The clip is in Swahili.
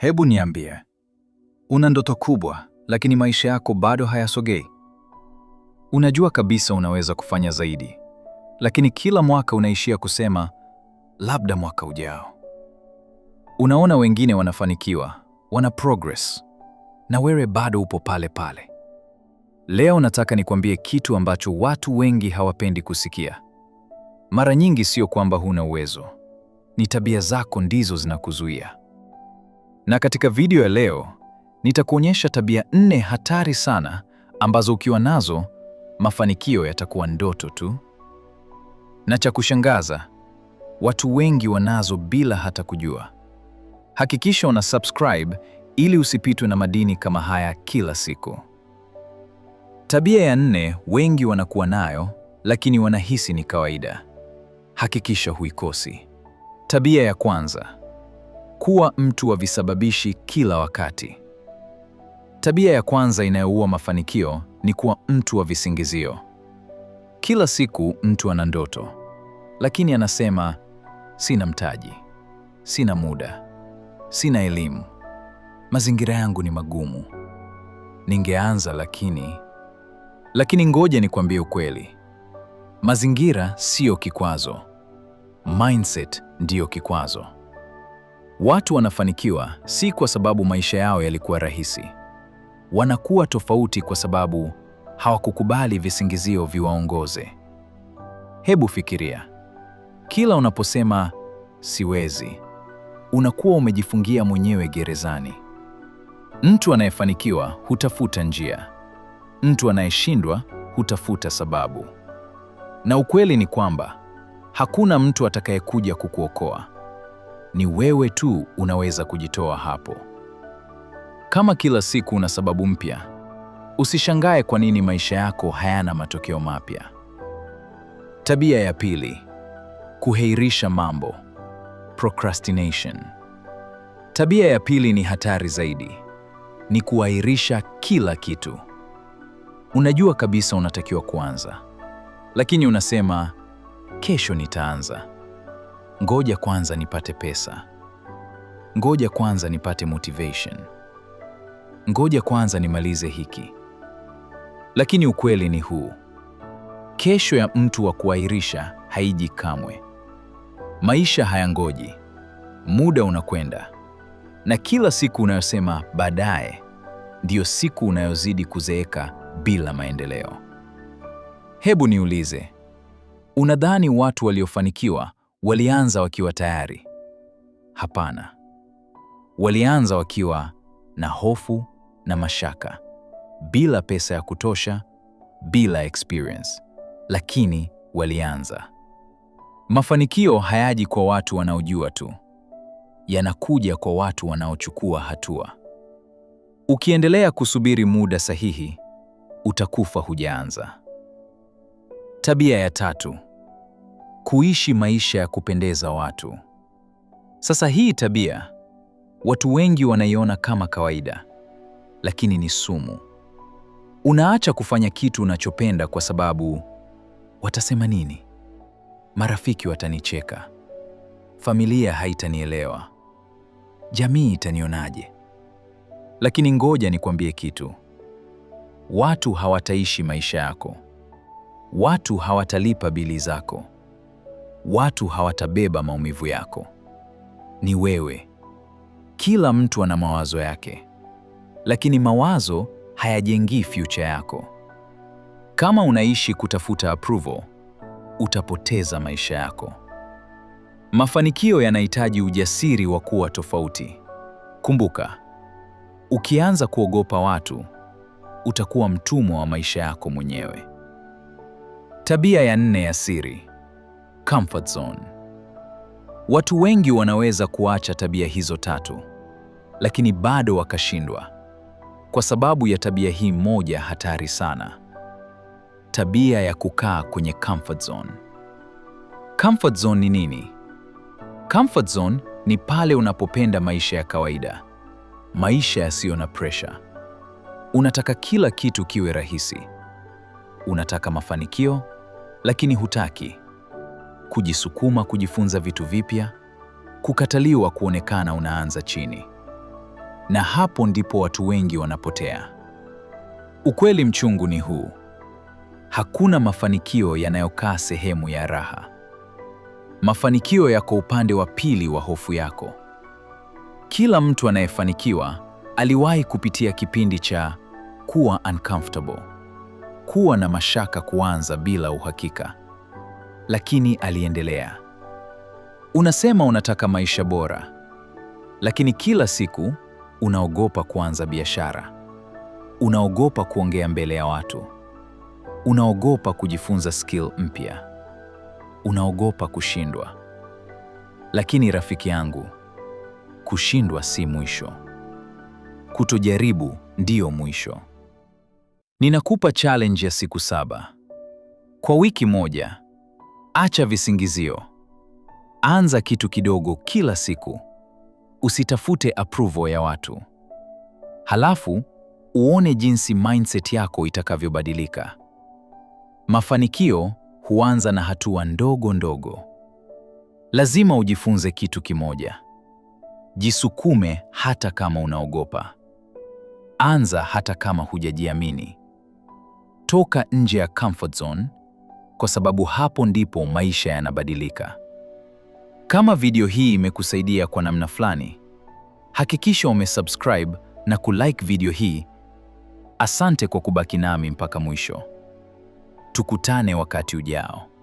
Hebu niambie, una ndoto kubwa lakini maisha yako bado hayasogei? Unajua kabisa unaweza kufanya zaidi, lakini kila mwaka unaishia kusema labda mwaka ujao. Unaona wengine wanafanikiwa, wana progress, na wewe bado upo pale pale. Leo nataka nikwambie kitu ambacho watu wengi hawapendi kusikia. Mara nyingi sio kwamba huna uwezo, ni tabia zako ndizo zinakuzuia. Na katika video ya leo nitakuonyesha tabia nne hatari sana ambazo ukiwa nazo mafanikio yatakuwa ndoto tu. Na cha kushangaza, watu wengi wanazo bila hata kujua. Hakikisha una subscribe ili usipitwe na madini kama haya kila siku. Tabia ya nne wengi wanakuwa nayo lakini wanahisi ni kawaida. Hakikisha huikosi. Tabia ya kwanza, kuwa mtu wa visababishi kila wakati. Tabia ya kwanza inayoua mafanikio ni kuwa mtu wa visingizio. Kila siku mtu ana ndoto, lakini anasema sina mtaji, sina muda, sina elimu, mazingira yangu ni magumu, ningeanza lakini... Lakini ngoja nikwambie ukweli, mazingira siyo kikwazo, mindset ndiyo kikwazo. Watu wanafanikiwa si kwa sababu maisha yao yalikuwa rahisi. Wanakuwa tofauti kwa sababu hawakukubali visingizio viwaongoze. Hebu fikiria, kila unaposema siwezi, unakuwa umejifungia mwenyewe gerezani. Mtu anayefanikiwa hutafuta njia, mtu anayeshindwa hutafuta sababu. Na ukweli ni kwamba hakuna mtu atakayekuja kukuokoa. Ni wewe tu unaweza kujitoa hapo. Kama kila siku una sababu mpya, usishangae kwa nini maisha yako hayana matokeo mapya. Tabia ya pili: kuhairisha mambo, procrastination. Tabia ya pili ni hatari zaidi, ni kuahirisha kila kitu. Unajua kabisa unatakiwa kuanza, lakini unasema kesho nitaanza ngoja kwanza nipate pesa, ngoja kwanza nipate motivation, ngoja kwanza nimalize hiki. Lakini ukweli ni huu, kesho ya mtu wa kuahirisha haiji kamwe. Maisha hayangoji, muda unakwenda, na kila siku unayosema baadaye ndiyo siku unayozidi kuzeeka bila maendeleo. Hebu niulize, unadhani watu waliofanikiwa walianza wakiwa tayari? Hapana, walianza wakiwa na hofu na mashaka, bila pesa ya kutosha, bila experience, lakini walianza. Mafanikio hayaji kwa watu wanaojua tu, yanakuja kwa watu wanaochukua hatua. Ukiendelea kusubiri muda sahihi, utakufa hujaanza. Tabia ya tatu: kuishi maisha ya kupendeza watu. Sasa hii tabia watu wengi wanaiona kama kawaida, lakini ni sumu. Unaacha kufanya kitu unachopenda kwa sababu watasema nini? Marafiki watanicheka, familia haitanielewa, jamii itanionaje? Lakini ngoja nikwambie kitu, watu hawataishi maisha yako, watu hawatalipa bili zako watu hawatabeba maumivu yako, ni wewe. Kila mtu ana mawazo yake, lakini mawazo hayajengii future yako. Kama unaishi kutafuta approval, utapoteza maisha yako. Mafanikio yanahitaji ujasiri wa kuwa tofauti. Kumbuka, ukianza kuogopa watu, utakuwa mtumwa wa maisha yako mwenyewe. Tabia ya nne ya siri: comfort zone. Watu wengi wanaweza kuacha tabia hizo tatu, lakini bado wakashindwa kwa sababu ya tabia hii moja hatari sana, tabia ya kukaa kwenye comfort zone. Comfort zone ni nini? Comfort zone ni pale unapopenda maisha ya kawaida, maisha yasiyo na pressure. Unataka kila kitu kiwe rahisi, unataka mafanikio, lakini hutaki kujisukuma kujifunza vitu vipya, kukataliwa kuonekana unaanza chini. Na hapo ndipo watu wengi wanapotea. Ukweli mchungu ni huu: hakuna mafanikio yanayokaa sehemu ya raha. Mafanikio yako upande wa pili wa hofu yako. Kila mtu anayefanikiwa aliwahi kupitia kipindi cha kuwa uncomfortable, kuwa na mashaka, kuanza bila uhakika lakini aliendelea. Unasema unataka maisha bora, lakini kila siku unaogopa kuanza biashara, unaogopa kuongea mbele ya watu, unaogopa kujifunza skill mpya, unaogopa kushindwa. Lakini rafiki yangu, kushindwa si mwisho. Kutojaribu ndiyo mwisho. Ninakupa challenge ya siku saba. Kwa wiki moja Acha visingizio, anza kitu kidogo kila siku. Usitafute approval ya watu, halafu uone jinsi mindset yako itakavyobadilika. Mafanikio huanza na hatua ndogo ndogo. Lazima ujifunze kitu kimoja. Jisukume hata kama unaogopa. Anza hata kama hujajiamini. Toka nje ya comfort zone kwa sababu hapo ndipo maisha yanabadilika. Kama video hii imekusaidia kwa namna fulani, hakikisha umesubscribe na kulike video hii. Asante kwa kubaki nami mpaka mwisho. Tukutane wakati ujao.